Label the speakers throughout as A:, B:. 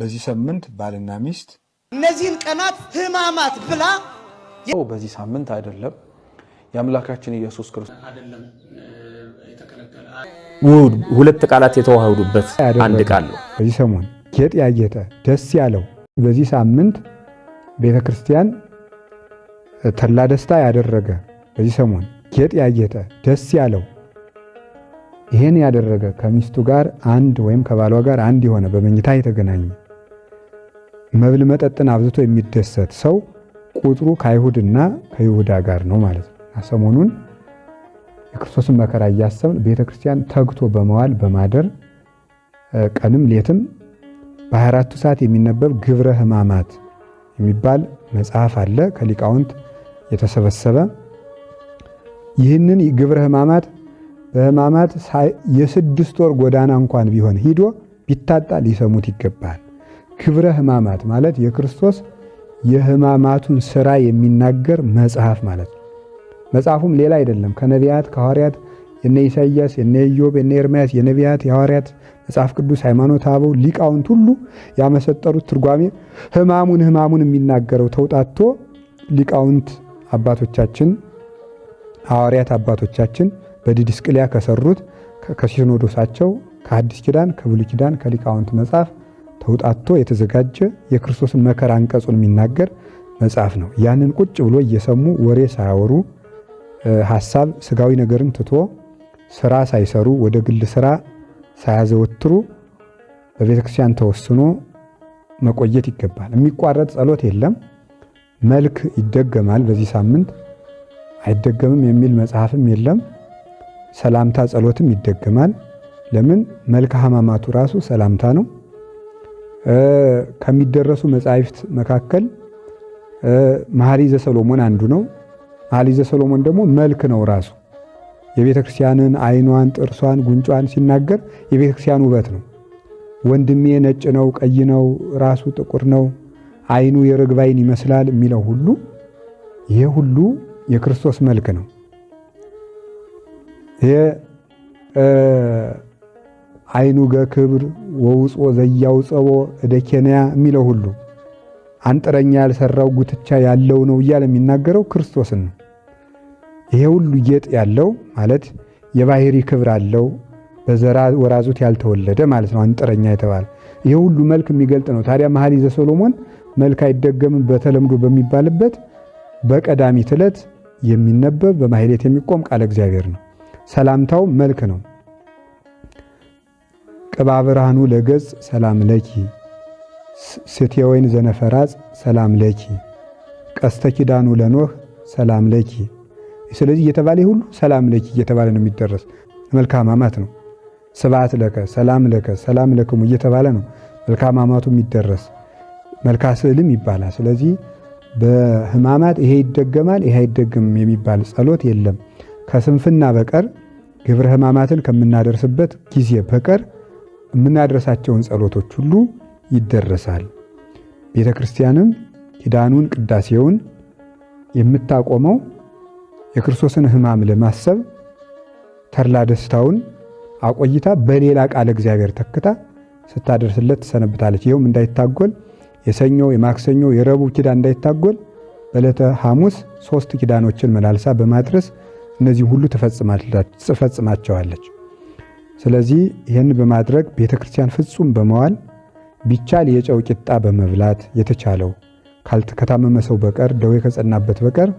A: በዚህ ሳምንት ባልና ሚስት
B: እነዚህን ቀናት ህማማት ብላ
A: በዚህ ሳምንት አይደለም የአምላካችን ኢየሱስ ክርስቶስ
C: ሁለት ቃላት የተዋህዱበት አንድ ቃል ነው።
A: በዚህ ሰሞን ጌጥ ያጌጠ ደስ ያለው በዚህ ሳምንት ቤተ ክርስቲያን ተላ ደስታ ያደረገ በዚህ ሰሞን ጌጥ ያጌጠ ደስ ያለው ይህን ያደረገ ከሚስቱ ጋር አንድ ወይም ከባሏ ጋር አንድ የሆነ በመኝታ የተገናኘ መብል መጠጥን አብዝቶ የሚደሰት ሰው ቁጥሩ ከአይሁድና ከይሁዳ ጋር ነው ማለት ነው። ሰሞኑን የክርስቶስን መከራ እያሰብን ቤተ ክርስቲያን ተግቶ በመዋል በማደር ቀንም ሌትም በአራቱ ሰዓት የሚነበብ ግብረ ሕማማት የሚባል መጽሐፍ አለ ከሊቃውንት የተሰበሰበ ይህንን ግብረ ሕማማት በሕማማት የስድስት ወር ጎዳና እንኳን ቢሆን ሂዶ ቢታጣ ሊሰሙት ይገባል። ክብረ ሕማማት ማለት የክርስቶስ የሕማማቱን ሥራ የሚናገር መጽሐፍ ማለት ነው። መጽሐፉም ሌላ አይደለም። ከነቢያት ከሐዋርያት፣ የነ ኢሳይያስ፣ የነ ኢዮብ፣ የነ ኤርምያስ፣ የነቢያት የሐዋርያት መጽሐፍ ቅዱስ ሃይማኖት አበው ሊቃውንት ሁሉ ያመሰጠሩት ትርጓሜ ሕማሙን ሕማሙን የሚናገረው ተውጣቶ ሊቃውንት አባቶቻችን ሐዋርያት አባቶቻችን በዲድስቅልያ ከሰሩት ከሲኖዶሳቸው ከአዲስ ኪዳን ከብሉይ ኪዳን ከሊቃውንት መጽሐፍ ተውጣቶ የተዘጋጀ የክርስቶስን መከራ አንቀጹን የሚናገር መጽሐፍ ነው። ያንን ቁጭ ብሎ እየሰሙ ወሬ ሳያወሩ ሐሳብ ስጋዊ ነገርን ትቶ ስራ ሳይሰሩ ወደ ግል ስራ ሳያዘወትሩ በቤተ ክርስቲያን ተወስኖ መቆየት ይገባል። የሚቋረጥ ጸሎት የለም። መልክ ይደገማል። በዚህ ሳምንት አይደገምም የሚል መጽሐፍም የለም። ሰላምታ ጸሎትም ይደገማል። ለምን መልከ ሕማማቱ ራሱ ሰላምታ ነው። ከሚደረሱ መጻሕፍት መካከል መኃልየ ዘሰሎሞን አንዱ ነው። መኃልየ ዘሰሎሞን ደግሞ መልክ ነው ራሱ የቤተ ክርስቲያንን ዓይኗን፣ ጥርሷን፣ ጉንጯን ሲናገር የቤተ ክርስቲያን ውበት ነው። ወንድሜ ነጭ ነው፣ ቀይ ነው፣ ራሱ ጥቁር ነው፣ ዓይኑ የርግብ ዓይን ይመስላል የሚለው ሁሉ ይሄ ሁሉ የክርስቶስ መልክ ነው። ይሄ አይኑ ገክብር ወውፆ ዘያውፀቦ እደ ኬንያ የሚለው ሁሉ አንጥረኛ ያልሰራው ጉትቻ ያለው ነው እያለ የሚናገረው ክርስቶስን ነው። ይሄ ሁሉ ጌጥ ያለው ማለት የባህሪ ክብር አለው በዘራ ወራዙት ያልተወለደ ማለት ነው። አንጥረኛ የተባለ ይሄ ሁሉ መልክ የሚገልጥ ነው። ታዲያ መኃልየ ዘሰሎሞን መልክ አይደገምም በተለምዶ በሚባልበት በቀዳሚት ዕለት የሚነበብ በማሕሌት የሚቆም ቃለ እግዚአብሔር ነው። ሰላምታው መልክ ነው። ቅባ ብርሃኑ ለገጽ ሰላም ለኪ ስቴ ወይን ዘነፈራጽ ሰላም ለኪ ቀስተ ኪዳኑ ለኖህ ሰላም ለኪ። ስለዚህ እየተባለ ሁሉ ሰላም ለኪ እየተባለ ነው የሚደረስ መልካማማት ነው። ስብዓት ለከ ሰላም ለከ ሰላም ለክሙ እየተባለ ነው መልካማማቱ የሚደረስ መልካ ስዕልም ይባላል። ስለዚህ በህማማት ይሄ ይደገማል ይሄ አይደገምም የሚባል ጸሎት የለም። ከስንፍና በቀር ግብረ ሕማማትን ከምናደርስበት ጊዜ በቀር የምናደርሳቸውን ጸሎቶች ሁሉ ይደረሳል። ቤተ ክርስቲያንም ኪዳኑን ቅዳሴውን የምታቆመው የክርስቶስን ሕማም ለማሰብ ተርላ ደስታውን አቆይታ በሌላ ቃለ እግዚአብሔር ተክታ ስታደርስለት ትሰነብታለች። ይኸውም እንዳይታጎል የሰኞ የማክሰኞ የረቡዕ ኪዳን እንዳይታጎል በዕለተ ሐሙስ ሶስት ኪዳኖችን መላልሳ በማድረስ እነዚህ ሁሉ ትፈጽማቸዋለች። ስለዚህ ይህን በማድረግ ቤተ ክርስቲያን ፍጹም በመዋል ቢቻል የጨው ቂጣ በመብላት የተቻለው ካልተከታመመ ሰው በቀር ደዌ ከጸናበት በቀር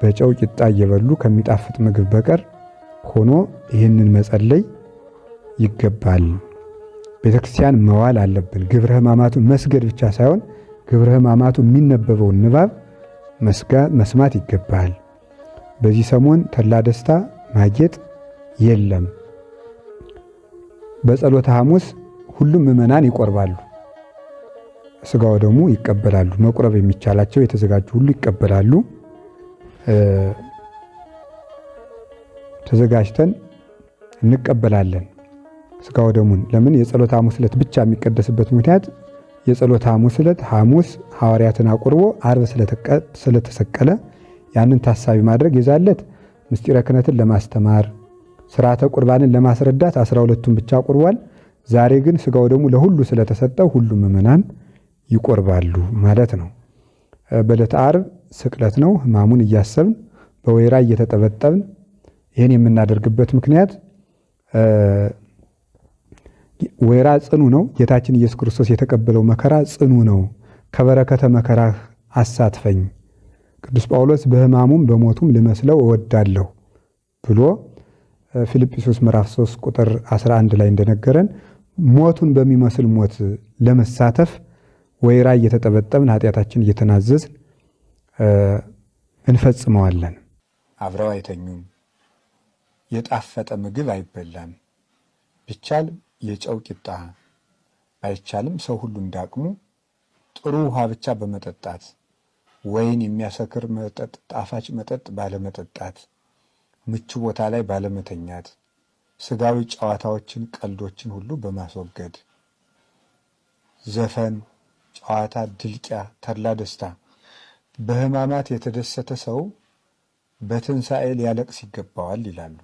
A: በጨው ቂጣ እየበሉ ከሚጣፍጥ ምግብ በቀር ሆኖ ይህንን መጸለይ ይገባል። ቤተ ክርስቲያን መዋል አለብን። ግብረ ሕማማቱን መስገድ ብቻ ሳይሆን ግብረ ሕማማቱ የሚነበበውን ንባብ መስማት ይገባል። በዚህ ሰሞን ተላ ደስታ ማጌጥ የለም። በጸሎተ ሐሙስ ሁሉም ምዕመናን ይቆርባሉ። ስጋው ደግሞ ይቀበላሉ። መቁረብ የሚቻላቸው የተዘጋጁ ሁሉ ይቀበላሉ። ተዘጋጅተን እንቀበላለን ስጋው ደሙን። ለምን የጸሎተ ሐሙስ ዕለት ብቻ የሚቀደስበት ምክንያት የጸሎተ ሐሙስ ዕለት ሐሙስ ሐዋርያትን አቁርቦ አርብ ስለተሰቀለ ያንን ታሳቢ ማድረግ የዛለት ምስጢረ ክህነትን ለማስተማር ስርዓተ ቁርባንን ለማስረዳት አስራ ሁለቱን ብቻ ቁርቧል። ዛሬ ግን ስጋው ደግሞ ለሁሉ ስለተሰጠው ሁሉም ምእመናን ይቆርባሉ ማለት ነው። በዕለተ ዓርብ ስቅለት ነው። ህማሙን እያሰብን በወይራ እየተጠበጠብን ይህን የምናደርግበት ምክንያት ወይራ ጽኑ ነው። ጌታችን ኢየሱስ ክርስቶስ የተቀበለው መከራ ጽኑ ነው። ከበረከተ መከራህ አሳትፈኝ ቅዱስ ጳውሎስ በሕማሙም በሞቱም ልመስለው እወዳለሁ ብሎ ፊልጵሶስ ምዕራፍ 3 ቁጥር 11 ላይ እንደነገረን ሞቱን በሚመስል ሞት ለመሳተፍ ወይራ እየተጠበጠብን ኃጢአታችን እየተናዘዝን እንፈጽመዋለን።
D: አብረው አይተኙም፣ የጣፈጠ ምግብ አይበላም፣ ቢቻል የጨው ቂጣ ባይቻልም ሰው ሁሉ እንዳቅሙ ጥሩ ውሃ ብቻ በመጠጣት ወይን የሚያሰክር መጠጥ፣ ጣፋጭ መጠጥ ባለመጠጣት፣ ምቹ ቦታ ላይ ባለመተኛት፣ ስጋዊ ጨዋታዎችን፣ ቀልዶችን ሁሉ በማስወገድ ዘፈን፣ ጨዋታ፣ ድልቂያ፣ ተድላ ደስታ። በህማማት የተደሰተ ሰው በትንሣኤ ሊያለቅስ ይገባዋል ይላሉ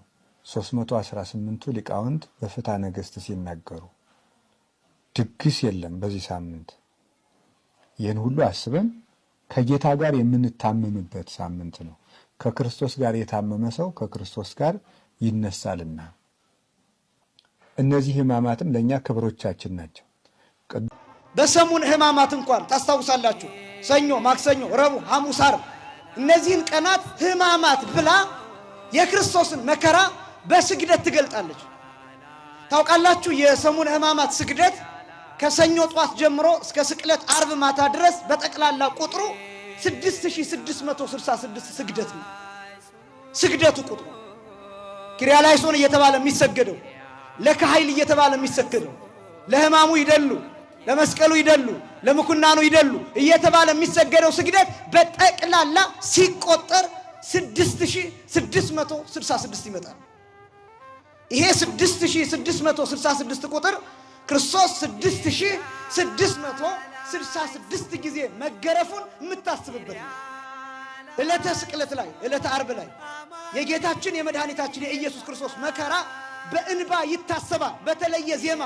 D: 318ቱ ሊቃውንት በፍትሐ ነገሥት ሲናገሩ። ድግስ የለም በዚህ ሳምንት። ይህን ሁሉ አስበን ከጌታ ጋር የምንታመምበት ሳምንት ነው። ከክርስቶስ ጋር የታመመ ሰው ከክርስቶስ ጋር ይነሳልና እነዚህ ሕማማትም ለእኛ ክብሮቻችን ናቸው።
B: በሰሙን ሕማማት እንኳን ታስታውሳላችሁ፣ ሰኞ፣ ማክሰኞ፣ ረቡዕ፣ ሐሙስ፣ ዓርብ እነዚህን ቀናት ሕማማት ብላ የክርስቶስን መከራ በስግደት ትገልጣለች። ታውቃላችሁ የሰሙን ሕማማት ስግደት ከሰኞ ጧት ጀምሮ እስከ ስቅለት አርብ ማታ ድረስ በጠቅላላ ቁጥሩ 6666 ስግደት ነው። ስግደቱ ቁጥሩ ኪርያላይሶን እየተባለ የሚሰገደው ለካኃይል እየተባለ የሚሰገደው ለህማሙ ይደሉ ለመስቀሉ ይደሉ ለምኩናኑ ይደሉ እየተባለ የሚሰገደው ስግደት በጠቅላላ ሲቆጠር 6666 ይመጣል። ይሄ 6666 ቁጥር ክርስቶስ ስድስት ሺህ ስድስት መቶ ስድሳ ስድስት ጊዜ መገረፉን የምታስብበት ነው። ዕለተ ስቅለት ላይ ዕለተ አርብ ላይ የጌታችን የመድኃኒታችን የኢየሱስ ክርስቶስ መከራ በእንባ ይታሰባ በተለየ ዜማ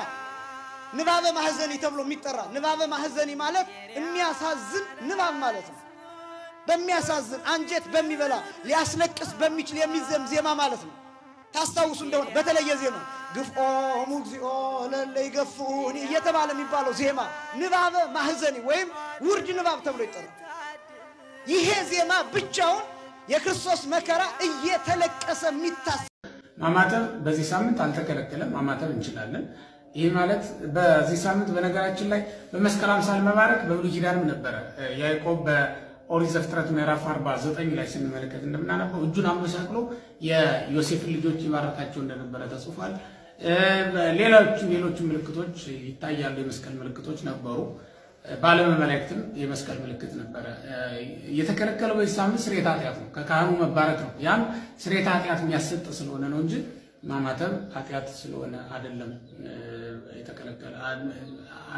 B: ንባበ ማህዘኒ ተብሎ የሚጠራ ንባበ ማህዘኒ ማለት የሚያሳዝን ንባብ ማለት ነው። በሚያሳዝን አንጀት በሚበላ ሊያስለቅስ በሚችል የሚዘም ዜማ ማለት ነው። ታስታውሱ እንደሆነ በተለየ ዜማ ግፍኦሙ እግዚኦ ለለ ይገፍኡኒ እየተባለ የሚባለው ዜማ ንባበ ማህዘኒ ወይም ውርድ ንባብ ተብሎ ይጠራል። ይሄ ዜማ ብቻውን የክርስቶስ መከራ እየተለቀሰ የሚታስ
E: ማማተብ በዚህ ሳምንት አልተከለከለም። ማማተብ እንችላለን። ይህ ማለት በዚህ ሳምንት በነገራችን ላይ በመስቀል አምሳል መባረክ በብሉይ ኪዳንም ነበረ ያዕቆብ ኦሪት ዘፍጥረት ምዕራፍ 49 ላይ ስንመለከት እንደምናነበው እጁን አመሳቅሎ የዮሴፍን ልጆች ይባረካቸው እንደነበረ ተጽፏል። ሌሎች ሌሎች ምልክቶች ይታያሉ። የመስቀል ምልክቶች ነበሩ። ባለመመላእክትም የመስቀል ምልክት ነበረ። የተከለከለው በዚህ ሳምንት ስርየተ ኃጢአት ነው፣ ከካህኑ መባረክ ነው። ያም ስርየተ ኃጢአት የሚያሰጥ ስለሆነ ነው እንጂ ማማተብ ኃጢአት ስለሆነ አይደለም። የተከለከለ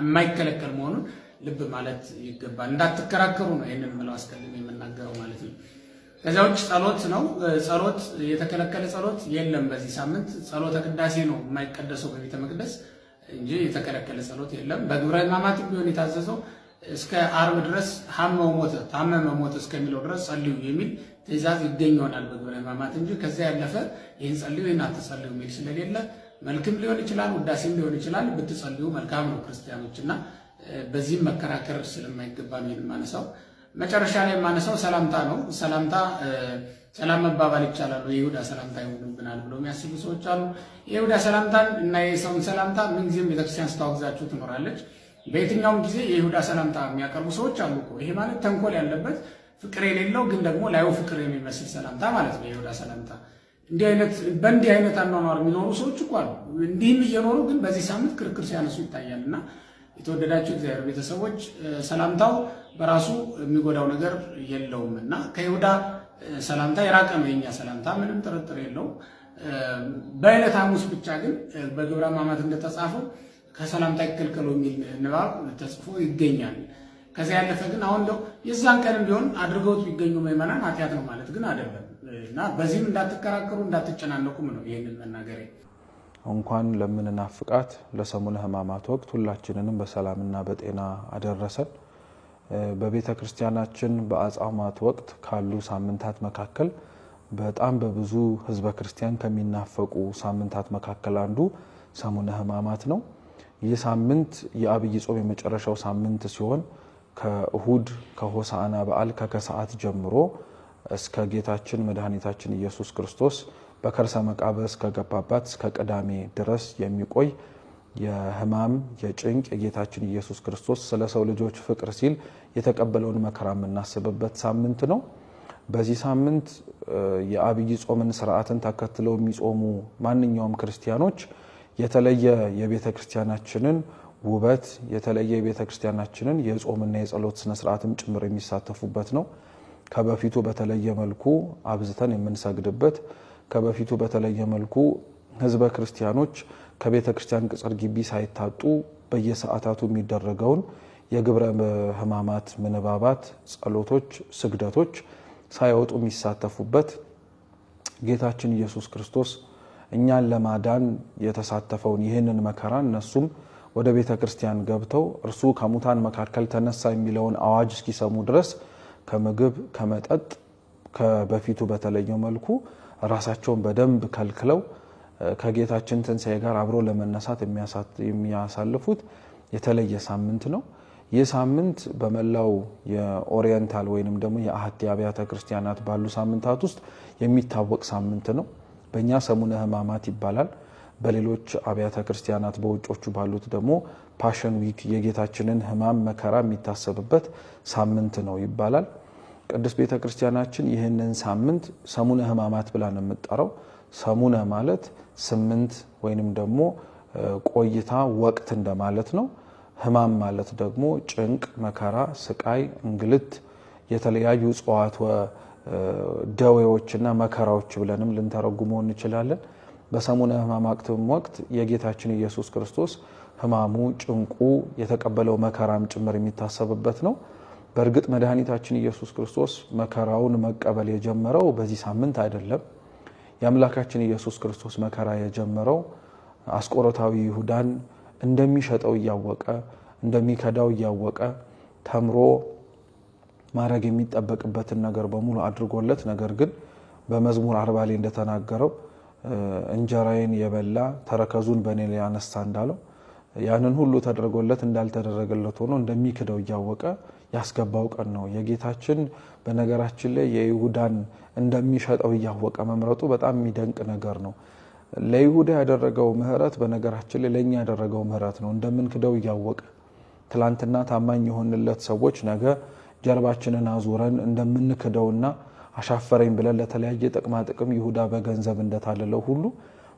E: የማይከለከል መሆኑን ልብ ማለት ይገባል። እንዳትከራከሩ ነው ይህንን ምለው አስቀድም የምናገረው ማለት ነው። ከዚያ ውጭ ጸሎት ነው። ጸሎት የተከለከለ ጸሎት የለም። በዚህ ሳምንት ጸሎተ ቅዳሴ ነው የማይቀደሰው በቤተ መቅደስ እንጂ የተከለከለ ጸሎት የለም። በግብረ ሕማማትም ቢሆን የታዘዘው እስከ አርብ ድረስ ሐመው ሞተ ታመመ ሞተ እስከሚለው ድረስ ጸልዩ የሚል ትእዛዝ ይገኝ በግብረ ሕማማት እንጂ ከዚያ ያለፈ ይህን ጸልዩ ይህን አትጸልዩ የሚል ስለሌለ መልክም ሊሆን ይችላል፣ ውዳሴም ሊሆን ይችላል። ብትጸልዩ መልካም ነው ክርስቲያኖችና። እና በዚህም መከራከር ስለማይገባ ነው የማነሳው። መጨረሻ ላይ የማነሳው ሰላምታ ነው። ሰላምታ ሰላም መባባል ይቻላል፣ የይሁዳ ሰላምታ ይሆንብናል ብሎ የሚያስቡ ሰዎች አሉ። የይሁዳ ሰላምታን እና የሰውን ሰላምታ ምንጊዜም ቤተክርስቲያን ስታወግዛችሁ ትኖራለች። በየትኛውም ጊዜ የይሁዳ ሰላምታ የሚያቀርቡ ሰዎች አሉ እኮ። ይሄ ማለት ተንኮል ያለበት ፍቅር የሌለው ግን ደግሞ ላዩ ፍቅር የሚመስል ሰላምታ ማለት ነው የይሁዳ ሰላምታ። በእንዲህ አይነት አኗኗር የሚኖሩ ሰዎች እኮ አሉ። እንዲህም እየኖሩ ግን በዚህ ሳምንት ክርክር ሲያነሱ ይታያል እና የተወደዳቸው እግዚአብሔር ቤተሰቦች ሰላምታው በራሱ የሚጎዳው ነገር የለውም እና ከይሁዳ ሰላምታ የራቀ ነው የኛ ሰላምታ፣ ምንም ጥርጥር የለው። በአይነት ሐሙስ ብቻ ግን በግብረ ሕማማት እንደተጻፈው ከሰላምታ ይከልከሉ የሚል ንባብ ተጽፎ ይገኛል። ከዚያ ያለፈ ግን አሁን እንደው የዛን ቀንም ቢሆን አድርገውት ቢገኙ ምዕመናን ኃጢአት ነው ማለት ግን አይደለም እና በዚህም እንዳትከራከሩ እንዳትጨናነቁም ነው ይህንን መናገሬ።
F: እንኳን ለምንናፍቃት ለሰሙነ ሕማማት ወቅት ሁላችንንም በሰላምና በጤና አደረሰን። በቤተ ክርስቲያናችን በአጽዋማት ወቅት ካሉ ሳምንታት መካከል በጣም በብዙ ህዝበ ክርስቲያን ከሚናፈቁ ሳምንታት መካከል አንዱ ሰሙነ ሕማማት ነው። ይህ ሳምንት የአብይ ጾም የመጨረሻው ሳምንት ሲሆን ከእሁድ ከሆሳዕና በዓል ከከሰዓት ጀምሮ እስከ ጌታችን መድኃኒታችን ኢየሱስ ክርስቶስ በከርሰ መቃብር እስከገባባት እስከ ቅዳሜ ድረስ የሚቆይ የህማም የጭንቅ የጌታችን ኢየሱስ ክርስቶስ ስለ ሰው ልጆች ፍቅር ሲል የተቀበለውን መከራ የምናስብበት ሳምንት ነው። በዚህ ሳምንት የአብይ ጾምን ስርዓትን ተከትለው የሚጾሙ ማንኛውም ክርስቲያኖች የተለየ የቤተ ክርስቲያናችንን ውበት የተለየ የቤተ ክርስቲያናችንን የጾምና የጸሎት ስነስርዓትም ጭምር የሚሳተፉበት ነው። ከበፊቱ በተለየ መልኩ አብዝተን የምንሰግድበት ከበፊቱ በተለየ መልኩ ህዝበ ክርስቲያኖች ከቤተ ክርስቲያን ቅጽር ግቢ ሳይታጡ በየሰዓታቱ የሚደረገውን የግብረ ህማማት ምንባባት፣ ጸሎቶች፣ ስግደቶች ሳይወጡ የሚሳተፉበት ጌታችን ኢየሱስ ክርስቶስ እኛን ለማዳን የተሳተፈውን ይህንን መከራ እነሱም ወደ ቤተ ክርስቲያን ገብተው እርሱ ከሙታን መካከል ተነሳ የሚለውን አዋጅ እስኪሰሙ ድረስ ከምግብ ከመጠጥ ከበፊቱ በተለየ መልኩ ራሳቸውን በደንብ ከልክለው ከጌታችን ትንሣኤ ጋር አብሮ ለመነሳት የሚያሳልፉት የተለየ ሳምንት ነው። ይህ ሳምንት በመላው የኦሪየንታል ወይንም ደግሞ የአህቲ አብያተ ክርስቲያናት ባሉ ሳምንታት ውስጥ የሚታወቅ ሳምንት ነው። በእኛ ሰሙነ ሕማማት ይባላል። በሌሎች አብያተ ክርስቲያናት በውጮቹ ባሉት ደግሞ ፓሽን ዊክ የጌታችንን ሕማም መከራ የሚታሰብበት ሳምንት ነው ይባላል። ቅዱስ ቤተ ክርስቲያናችን ይህንን ሳምንት ሰሙነ ሕማማት ብላ ነው የምጠራው። ሰሙነ ማለት ስምንት ወይንም ደግሞ ቆይታ ወቅት እንደማለት ነው። ሕማም ማለት ደግሞ ጭንቅ፣ መከራ፣ ስቃይ፣ እንግልት የተለያዩ እጽዋት ደዌዎችና መከራዎች ብለንም ልንተረጉመው እንችላለን። በሰሙነ ሕማማትም ወቅት የጌታችን ኢየሱስ ክርስቶስ ሕማሙ ጭንቁ የተቀበለው መከራም ጭምር የሚታሰብበት ነው። በእርግጥ መድኃኒታችን ኢየሱስ ክርስቶስ መከራውን መቀበል የጀመረው በዚህ ሳምንት አይደለም። የአምላካችን ኢየሱስ ክርስቶስ መከራ የጀመረው አስቆሮታዊ ይሁዳን እንደሚሸጠው እያወቀ እንደሚከዳው እያወቀ ተምሮ ማድረግ የሚጠበቅበትን ነገር በሙሉ አድርጎለት፣ ነገር ግን በመዝሙር አርባ ላይ እንደተናገረው እንጀራዬን የበላ ተረከዙን በእኔ ላይ አነሳ እንዳለው ያንን ሁሉ ተደርጎለት እንዳልተደረገለት ሆኖ እንደሚክደው እያወቀ ያስገባው ቀን ነው። የጌታችን በነገራችን ላይ የይሁዳን እንደሚሸጠው እያወቀ መምረጡ በጣም የሚደንቅ ነገር ነው። ለይሁዳ ያደረገው ምሕረት በነገራችን ላይ ለእኛ ያደረገው ምሕረት ነው። እንደምንክደው እያወቀ ትላንትና ታማኝ የሆንለት ሰዎች ነገ ጀርባችንን አዙረን እንደምንክደውና አሻፈረኝ ብለን ለተለያየ ጥቅማ ጥቅም ይሁዳ በገንዘብ እንደታለለው ሁሉ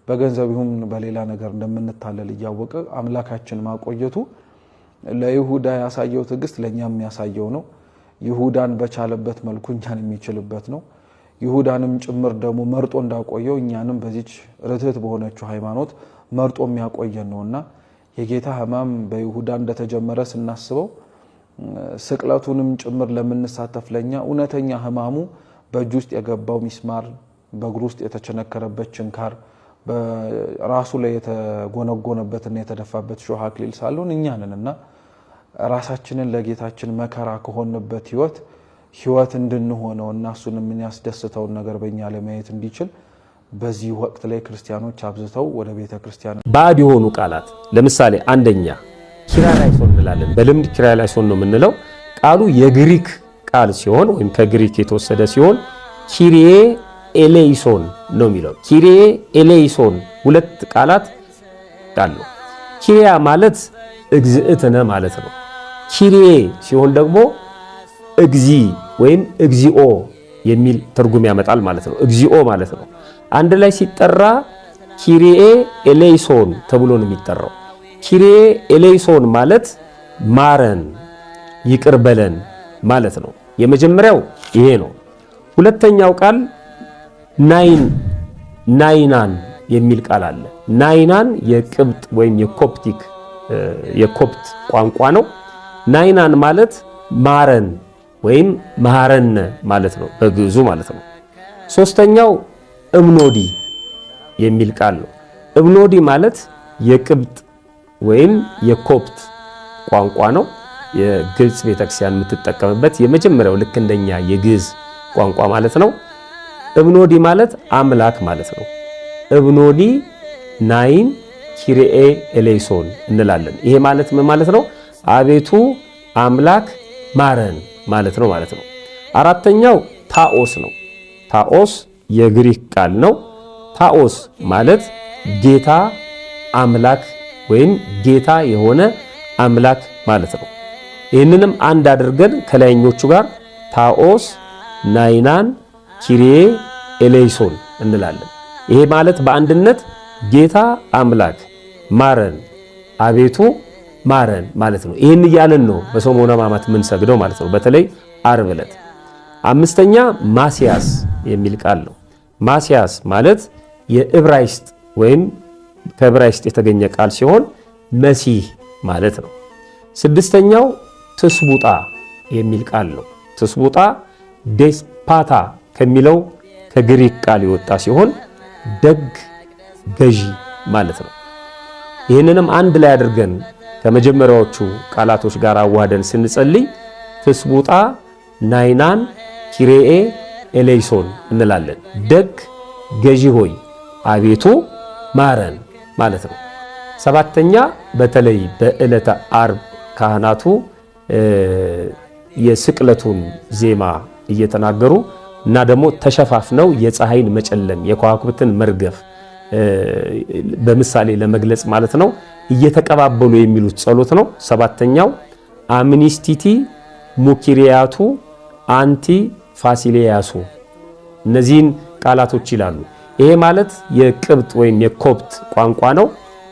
F: በገንዘብ ይሁን በሌላ ነገር እንደምንታለል እያወቀ አምላካችን ማቆየቱ ለይሁዳ ያሳየው ትዕግስት ለእኛም የሚያሳየው ነው። ይሁዳን በቻለበት መልኩ እኛን የሚችልበት ነው። ይሁዳንም ጭምር ደግሞ መርጦ እንዳቆየው እኛንም በዚች ርትት በሆነችው ሃይማኖት መርጦ የሚያቆየን እና የጌታ ሕማም በይሁዳ እንደተጀመረ ስናስበው ስቅለቱንም ጭምር ለምንሳተፍ ለእኛ እውነተኛ ሕማሙ በእጅ ውስጥ የገባው ሚስማር፣ በእግር ውስጥ የተቸነከረበት ችንካር፣ በራሱ ላይ የተጎነጎነበትና የተደፋበት ሾህ አክሊል እኛንን እና ራሳችንን ለጌታችን መከራ ከሆንበት ህይወት ህይወት እንድንሆነው እና እሱን የምንያስደስተውን ነገር በእኛ ለማየት እንዲችል በዚህ ወቅት ላይ ክርስቲያኖች አብዝተው ወደ ቤተ ክርስቲያን
C: ባዕድ የሆኑ ቃላት ለምሳሌ አንደኛ ኪራ ላይ ኪርያላይሶን እንላለን። በልምድ ኪራ ላይ ሶን ነው የምንለው። ቃሉ የግሪክ ቃል ሲሆን ወይም ከግሪክ የተወሰደ ሲሆን ኪሪዬ ኤሌይሶን ነው የሚለው። ኪሪዬ ኤሌይሶን ሁለት ቃላት ቃል ነው። ኪሪያ ማለት እግዝእትነ ማለት ነው። ኪሪዬ ሲሆን ደግሞ እግዚ ወይም እግዚኦ የሚል ትርጉም ያመጣል ማለት ነው። እግዚኦ ማለት ነው። አንድ ላይ ሲጠራ ኪሪኤ ኤሌይሶን ተብሎ ነው የሚጠራው። ኪሪኤ ኤሌይሶን ማለት ማረን፣ ይቅር በለን ማለት ነው። የመጀመሪያው ይሄ ነው። ሁለተኛው ቃል ናይን ናይናን የሚል ቃል አለ። ናይናን የቅብጥ ወይም የኮፕቲክ የኮፕት ቋንቋ ነው። ናይናን ማለት ማረን ወይም መሐረነ ማለት ነው፣ በግዕዙ ማለት ነው። ሶስተኛው እብኖዲ የሚል ቃል ነው። እብኖዲ ማለት የቅብጥ ወይም የኮፕት ቋንቋ ነው። የግብፅ ቤተክርስቲያን የምትጠቀምበት የመጀመሪያው ልክ እንደኛ የግዕዝ ቋንቋ ማለት ነው። እብኖዲ ማለት አምላክ ማለት ነው። እብኖዲ ናይን ኪሪኤ ኤሌይሶን እንላለን። ይሄ ማለት ምን ማለት ነው? አቤቱ አምላክ ማረን ማለት ነው ማለት ነው። አራተኛው ታኦስ ነው። ታኦስ የግሪክ ቃል ነው። ታኦስ ማለት ጌታ አምላክ ወይም ጌታ የሆነ አምላክ ማለት ነው። ይህንንም አንድ አድርገን ከላይኞቹ ጋር ታኦስ ናይናን ኪሪዬ ኤሌይሶን እንላለን። ይሄ ማለት በአንድነት ጌታ አምላክ ማረን አቤቱ ማረን ማለት ነው። ይህን እያለን ነው በሰሙነ ሕማማት የምንሰግደው ማለት ነው። በተለይ አርብ ዕለት። አምስተኛ ማስያስ የሚል ቃል ነው። ማስያስ ማለት የዕብራይስጥ ወይም ከዕብራይስጥ የተገኘ ቃል ሲሆን መሲህ ማለት ነው። ስድስተኛው ትስቡጣ የሚል ቃል ነው። ትስቡጣ ዴስፓታ ከሚለው ከግሪክ ቃል የወጣ ሲሆን ደግ ገዢ ማለት ነው። ይህንንም አንድ ላይ አድርገን ከመጀመሪያዎቹ ቃላቶች ጋር አዋህደን ስንጸልይ ትስቡጣ ናይናን ኪሬኤ ኤሌይሶን እንላለን። ደግ ገዢ ሆይ አቤቱ ማረን ማለት ነው። ሰባተኛ በተለይ በዕለተ አርብ ካህናቱ የስቅለቱን ዜማ እየተናገሩ እና ደግሞ ተሸፋፍነው የፀሐይን መጨለም የከዋክብትን መርገፍ በምሳሌ ለመግለጽ ማለት ነው እየተቀባበሉ የሚሉት ጸሎት ነው። ሰባተኛው አምኒስቲቲ ሙኪሪያቱ አንቲ ፋሲሌያሱ እነዚህን ቃላቶች ይላሉ። ይሄ ማለት የቅብጥ ወይም የኮብት ቋንቋ ነው።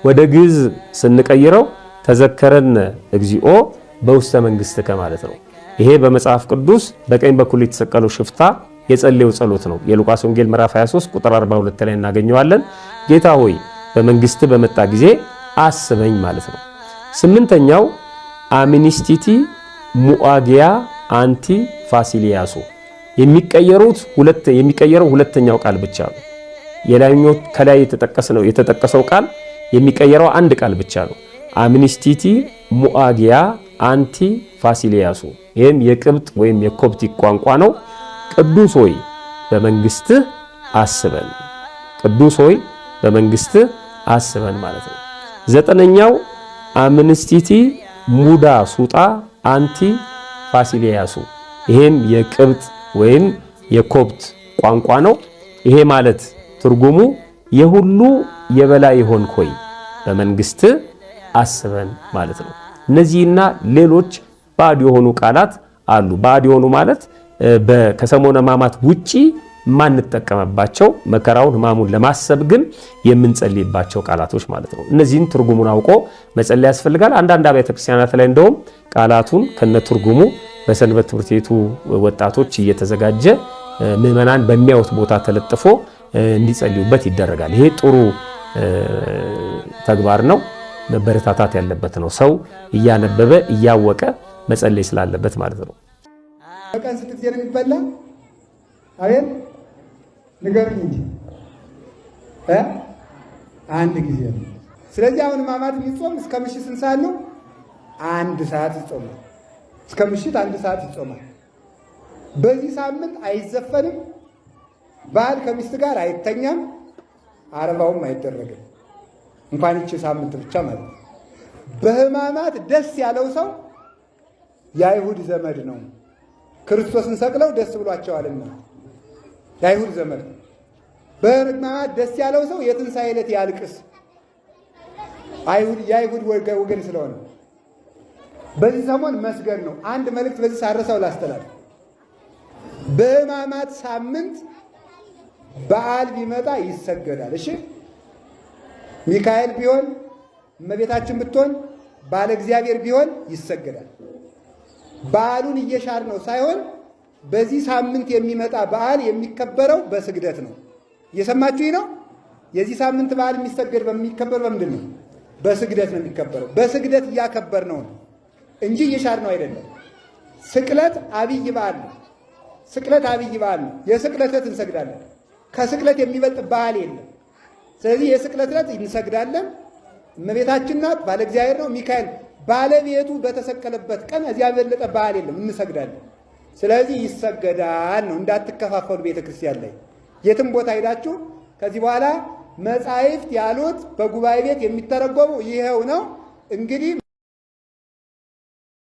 C: ወደ ግዕዝ ስንቀይረው ተዘከረን እግዚኦ በውስተ መንግሥትከ ማለት ነው። ይሄ በመጽሐፍ ቅዱስ በቀኝ በኩል የተሰቀለው ሽፍታ የጸለየው ጸሎት ነው። የሉቃስ ወንጌል ምዕራፍ 23 ቁጥር 42 ላይ እናገኘዋለን። ጌታ ሆይ በመንግስት በመጣ ጊዜ አስበኝ ማለት ነው። ስምንተኛው አሚኒስቲቲ ሙአጊያ አንቲ ፋሲሊያሶ የሚቀየሩት ሁለት የሚቀየረው ሁለተኛው ቃል ብቻ ነው። የላይኞች ከላይ የተጠቀሰው የተጠቀሰው ቃል የሚቀየረው አንድ ቃል ብቻ ነው። አሚኒስቲቲ ሙአጊያ አንቲ ፋሲሊያሶ ይህም የቅብጥ ወይም የኮፕቲክ ቋንቋ ነው። ቅዱስ ሆይ በመንግስትህ አስበን። ቅዱስ ሆይ በመንግስት አስበን ማለት ነው። ዘጠነኛው አምንስቲቲ ሙዳ ሱጣ አንቲ ፋሲሊያሱ ይሄም የቅብጥ ወይም የኮብት ቋንቋ ነው። ይሄ ማለት ትርጉሙ የሁሉ የበላይ የሆን ኮይ በመንግስት አስበን ማለት ነው። እነዚህና ሌሎች ባዕድ የሆኑ ቃላት አሉ። ባዕድ የሆኑ ማለት ከሰሞነ ሕማማት ውጪ ማንጠቀመባቸው መከራውን ህማሙን ለማሰብ ግን የምንጸልይባቸው ቃላቶች ማለት ነው። እነዚህን ትርጉሙን አውቆ መጸለይ ያስፈልጋል። አንዳንድ አብያተ ክርስቲያናት ላይ እንደውም ቃላቱን ከነ ትርጉሙ በሰንበት ትምህርት ቤቱ ወጣቶች እየተዘጋጀ ምዕመናን በሚያዩት ቦታ ተለጥፎ እንዲጸልዩበት ይደረጋል። ይሄ ጥሩ ተግባር ነው፣ መበረታታት ያለበት ነው። ሰው እያነበበ እያወቀ መጸለይ ስላለበት ማለት ነው።
G: በቀን ስንት ጊዜ ነው የሚበላ? አቤት ንገሩኝ እንጂ አንድ ጊዜ ነው። ስለዚህ አሁን ማማድ የሚጾም እስከ ምሽት ስንት ሰዓት ነው? አንድ ሰዓት ይጾማል። እስከ ምሽት አንድ ሰዓት ይጾማል። በዚህ ሳምንት አይዘፈንም። ባል ከሚስት ጋር አይተኛም። አረባውም አይደረግም። እንኳን ይቺ ሳምንት ብቻ ማለት ነው። ደስ ያለው ሰው የአይሁድ ዘመድ ነው። ክርስቶስን ሰቅለው ደስ ብሏቸዋልና ለአይሁድ ዘመን በሕማማት ደስ ያለው ሰው የትንሣኤ ዕለት ያልቅስ፣ የአይሁድ ወገን ስለሆነ። በዚህ ሰሞን መስገድ ነው። አንድ መልእክት በዚህ ሳረሰው ላስተላል። በሕማማት ሳምንት በዓል ቢመጣ ይሰገዳል። እሺ ሚካኤል ቢሆን እመቤታችን ብትሆን ባለ እግዚአብሔር ቢሆን ይሰገዳል። በዓሉን እየሻር ነው ሳይሆን በዚህ ሳምንት የሚመጣ በዓል የሚከበረው በስግደት ነው። እየሰማችሁኝ ነው? የዚህ ሳምንት በዓል የሚሰገድ በሚከበር በምንድን ነው? በስግደት ነው የሚከበረው። በስግደት እያከበር ነው እንጂ እየሻር ነው አይደለም። ስቅለት አብይ በዓል ነው። ስቅለት አብይ በዓል ነው። የስቅለት ዕለት እንሰግዳለን። ከስቅለት የሚበልጥ በዓል የለም። ስለዚህ የስቅለት ዕለት እንሰግዳለን። እመቤታችን ናት፣ ባለ እግዚአብሔር ነው ሚካኤል፣ ባለቤቱ በተሰቀለበት ቀን እዚያ በለጠ በዓል የለም። እንሰግዳለን። ስለዚህ ይሰገዳል ነው። እንዳትከፋፈሉ ቤተ ክርስቲያን ላይ የትም ቦታ ሄዳችሁ ከዚህ በኋላ መጻሕፍት ያሉት በጉባኤ ቤት የሚተረጎሙ ይኸው ነው እንግዲህ